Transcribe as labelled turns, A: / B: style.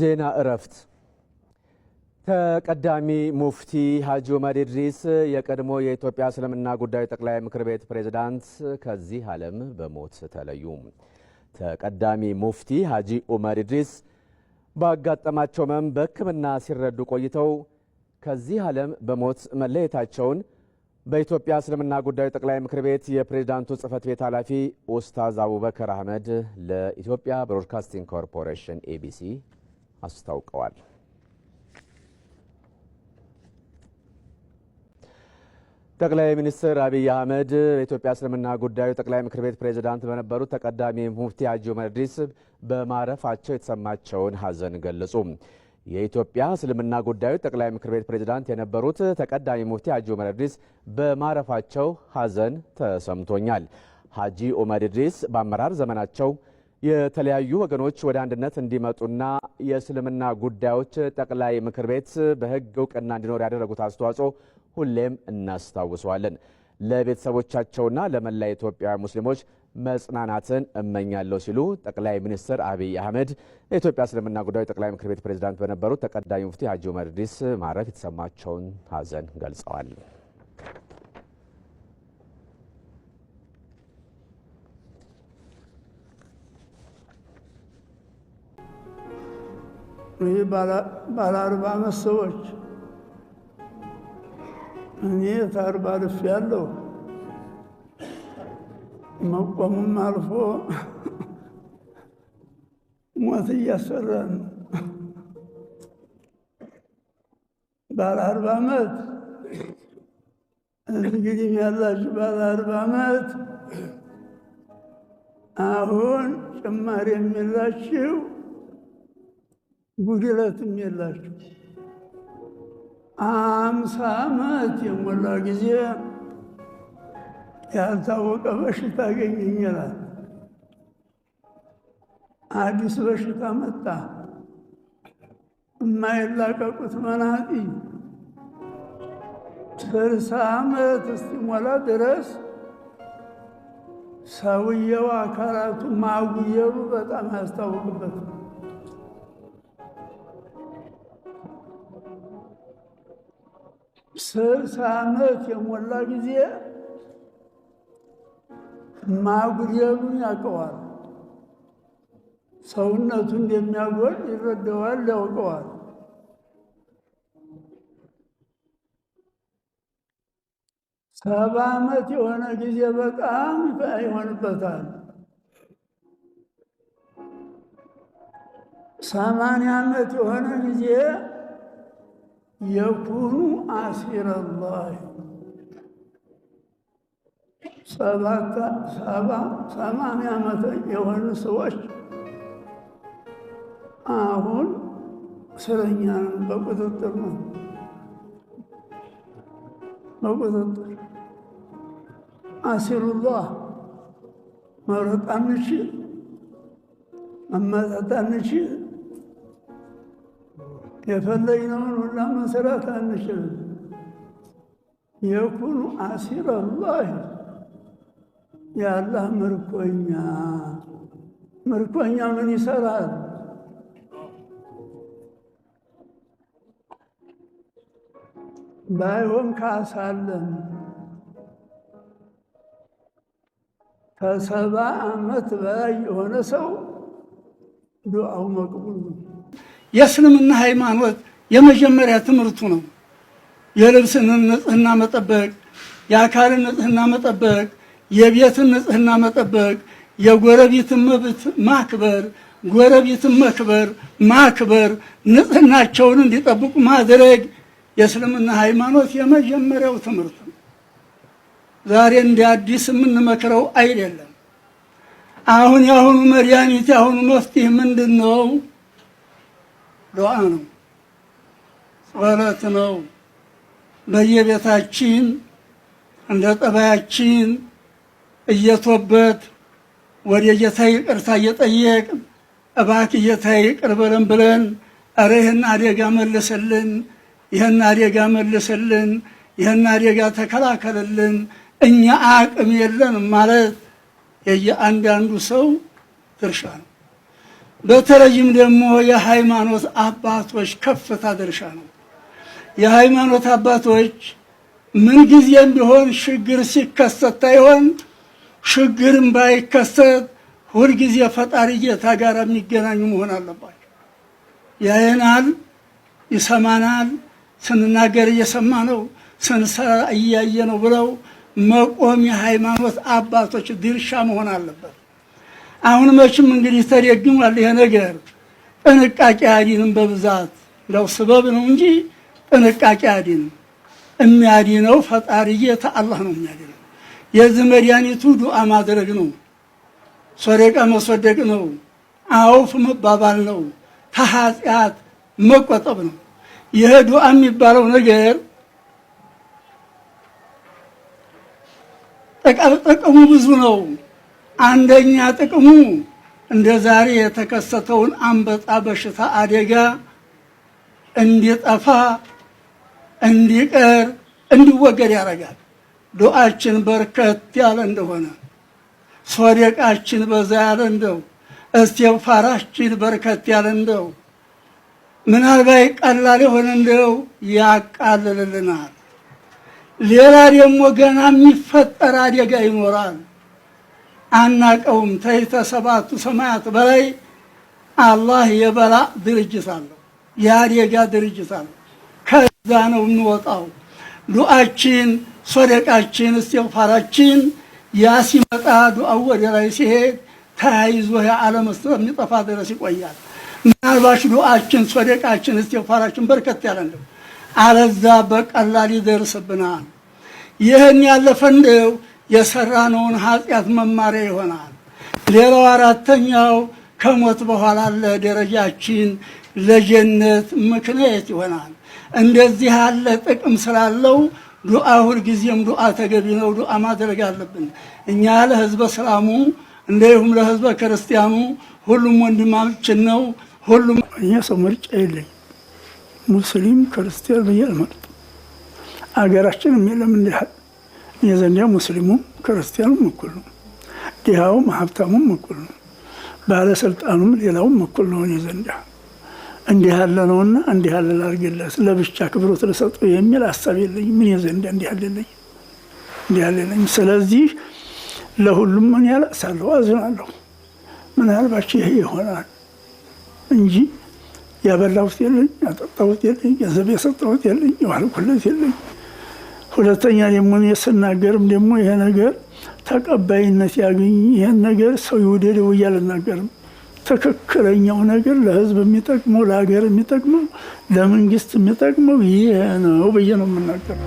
A: ዜና እረፍት ተቀዳሚ ሙፍቲ ሀጂ ዑመር ኢድሪስ የቀድሞ የኢትዮጵያ እስልምና ጉዳዮች ጠቅላይ ምክር ቤት ፕሬዝዳንት ከዚህ ዓለም በሞት ተለዩ። ተቀዳሚ ሙፍቲ ሀጂ ዑመር ኢድሪስ ባጋጠማቸው ሕመም በሕክምና ሲረዱ ቆይተው ከዚህ ዓለም በሞት መለየታቸውን በኢትዮጵያ እስልምና ጉዳዮች ጠቅላይ ምክር ቤት የፕሬዝዳንቱ ጽህፈት ቤት ኃላፊ ኡስታዝ አቡበከር አህመድ ለኢትዮጵያ ብሮድካስቲንግ ኮርፖሬሽን ኤቢሲ አስታውቀዋል። ጠቅላይ ሚኒስትር አብይ አህመድ በኢትዮጵያ እስልምና ጉዳዩ ጠቅላይ ምክር ቤት ፕሬዚዳንት በነበሩት ተቀዳሚ ሙፍቲ ሀጂ ዑመር ኢድሪስ በማረፋቸው የተሰማቸውን ሐዘን ገለጹ። የኢትዮጵያ እስልምና ጉዳዩ ጠቅላይ ምክር ቤት ፕሬዚዳንት የነበሩት ተቀዳሚ ሙፍቲ ሀጂ ዑመር ኢድሪስ በማረፋቸው ሐዘን ተሰምቶኛል። ሀጂ ዑመር ኢድሪስ በአመራር ዘመናቸው የተለያዩ ወገኖች ወደ አንድነት እንዲመጡና የእስልምና ጉዳዮች ጠቅላይ ምክር ቤት በሕግ እውቅና እንዲኖር ያደረጉት አስተዋጽኦ ሁሌም እናስታውሰዋለን። ለቤተሰቦቻቸውና ለመላ ኢትዮጵያ ሙስሊሞች መጽናናትን እመኛለሁ ሲሉ ጠቅላይ ሚኒስትር አብይ አህመድ የኢትዮጵያ እስልምና ጉዳዮች ጠቅላይ ምክር ቤት ፕሬዚዳንት በነበሩት ተቀዳሚ ሙፍቲ ሀጂ ዑመር ኢድሪስ ማረፍ የተሰማቸውን ሐዘን ገልጸዋል።
B: ይህ ባለ አርባ ዓመት ሰዎች እኔ ታርባ ልፍ ያለው መቆሙም አልፎ ሞት እያሰራ ነው። ባለ አርባ ዓመት እንግዲህ ያላችሁ ባለ አርባ ዓመት አሁን ጭማሪ የሚላችሁ ጉድለትም የላቸው። አምሳ ዓመት የሞላ ጊዜ ያልታወቀ በሽታ ይላል! አዲስ በሽታ መጣ። የማይላቀቁት መናጢ ስልሳ ዓመት እስኪሞላ ድረስ ሰውየው አካላቱ ማጉየሩ በጣም ያስታውቅበታል። ስልሳ ዓመት የሞላ ጊዜ ማጉደሉን ያውቀዋል። ሰውነቱ እንደሚያጎል ይረዳዋል፣ ያውቀዋል። ሰባ ዓመት የሆነ ጊዜ በጣም ይሆንበታል። ሰማንያ ዓመት የሆነ ጊዜ የኩኑ አሲረላሂ ሰማንያ ዓመት የሆኑ ሰዎች አሁን እስረኛ ነን፣ በቁጥጥር ነው በቁጥጥር አሲሩላህ መረጣንች መመጣጣንች የፈለግነውን ሁላ መሰራት አንችልም። የኩኑ አሲር አላህ የአላህ ምርኮኛ ምርኮኛ ምን ይሰራል? ባይሆን ካሳለን ከሰባ ዓመት በላይ የሆነ ሰው ዱዓው መቅቡል የእስልምና ሃይማኖት የመጀመሪያ ትምህርቱ ነው። የልብስን ንጽህና መጠበቅ፣ የአካልን ንጽህና መጠበቅ፣ የቤትን ንጽህና መጠበቅ፣ የጎረቤትን መብት ማክበር፣ ጎረቤትን መክበር ማክበር፣ ንጽህናቸውን እንዲጠብቁ ማድረግ የእስልምና ሃይማኖት የመጀመሪያው ትምህርት ነው። ዛሬ እንደ አዲስ የምንመክረው አይደለም። አሁን የአሁኑ መድኃኒት የአሁኑ መፍትሄ ምንድን ነው? ዱዓ ነው፣ ጸሎት ነው። በየቤታችን እንደ ጠባያችን እየቶበት ወደ ጌታ ይቅርታ እየጠየቅ እባክ ጌታ ይቅር በለን ብለን እረ ይህን አደጋ መልስልን፣ ይህን አደጋ መልስልን፣ ይህን አደጋ ተከላከልልን፣ እኛ አቅም የለንም ማለት የየአንዳንዱ ሰው ድርሻ ነው። በተለይም ደግሞ የሃይማኖት አባቶች ከፍታ ድርሻ ነው። የሃይማኖት አባቶች ምንጊዜም ቢሆን ችግር ሲከሰት አይሆን ችግርም ባይከሰት ሁልጊዜ ፈጣሪ ጌታ ጋር የሚገናኙ መሆን አለባቸው። ያየናል፣ ይሰማናል፣ ስንናገር እየሰማ ነው፣ ስንሰራ እያየ ነው ብለው መቆም የሃይማኖት አባቶች ድርሻ መሆን አለበት። አሁን መቼም እንግዲህ ተደግሟል ይሄ ነገር። ጥንቃቄ አዲንም በብዛት ለው ስበብ ነው እንጂ ጥንቃቄ አዲንም የሚያድነው ፈጣሪ ጌታ አላህ ነው የሚያድነው። የዚህ መድኃኒቱ ዱዓ ማድረግ ነው፣ ሶደቃ መሶደቅ ነው፣ አውፍ መባባል ነው፣ ከኃጢአት መቆጠብ ነው። ይሄ ዱዓ የሚባለው ነገር ጥቅሙ ብዙ ነው። አንደኛ ጥቅሙ እንደ ዛሬ የተከሰተውን አንበጣ በሽታ አደጋ እንዲጠፋ፣ እንዲቀር፣ እንዲወገድ ያደርጋል። ዱዓችን በርከት ያለ እንደሆነ ሶደቃችን በዛ ያለ እንደው እስቴፋራችን በርከት ያለ እንደው ምናልባት ቀላል የሆነ እንደው ያቃልልልናል። ሌላ ደግሞ ገና የሚፈጠር አደጋ ይኖራል። አናቀውም። ተይተ ሰባቱ ሰማያት በላይ አላህ የበላ ድርጅት አለው፣ የአደጋ ድርጅት አለው። ከዛ ነው እንወጣው። ዱአችን፣ ሶደቃችን፣ እስትግፋራችን ያ ሲመጣ ዱአው ወደ ላይ ሲሄድ ተያይዞ የዓለም እስከሚጠፋ ድረስ ይቆያል። ምናልባሽ ዱአችን፣ ሶደቃችን፣ እስትግፋራችን በርከት ያለ ነው። አለዛ በቀላል ይደርስብናል። ይህን ያለፈ እንደው የሰራነውን ኃጢአት መማሪያ ይሆናል። ሌላው አራተኛው ከሞት በኋላ ለደረጃችን ለጀነት ምክንያት ይሆናል። እንደዚህ ያለ ጥቅም ስላለው ዱዓ ሁልጊዜም ዱዓ ተገቢ ነው። ዱዓ ማድረግ አለብን። እኛ ለህዝበ እስላሙ እንዲሁም ለህዝበ ክርስቲያኑ ሁሉም ወንድማችን ነው። ሁሉም እኛ ሰው ምርጫ የለኝ ሙስሊም ክርስቲያን ብዬ አልመርጥም። አገራችን የለም እንዲህ የዘንድያ ሙስሊሙም ክርስቲያኑም እኩል ነው። ድሃውም ሀብታሙም እኩል ነው። ባለስልጣኑም ሌላውም እኩል ነው። የዘንድያ እንዲህ ያለ ነውና እንዲህ ያለ ላድርግለት ለብቻ ክብሮት ልሰጠው የሚል ሀሳብ የለኝ። ምን የዘንድያ እንዲህ ያለ የለኝም፣ እንዲህ ያለ ስለዚህ ለሁሉም ምን ያለቅሳለሁ፣ አዝናለሁ። ምናልባቸው ይሄ ይሆናል እንጂ ያበላሁት የለኝ፣ ያጠጣሁት የለኝ፣ ገንዘብ የሰጠሁት የለኝ፣ የዋልኩለት የለኝ ሁለተኛ ደግሞ እኔ ስናገርም ደግሞ ይሄ ነገር ተቀባይነት ያገኝ ይህን ነገር ሰው ይውደደው እያልናገርም ትክክለኛው ነገር ለህዝብ የሚጠቅመው ለሀገር የሚጠቅመው ለመንግስት የሚጠቅመው ይህ ነው ብዬ ነው የምናገር።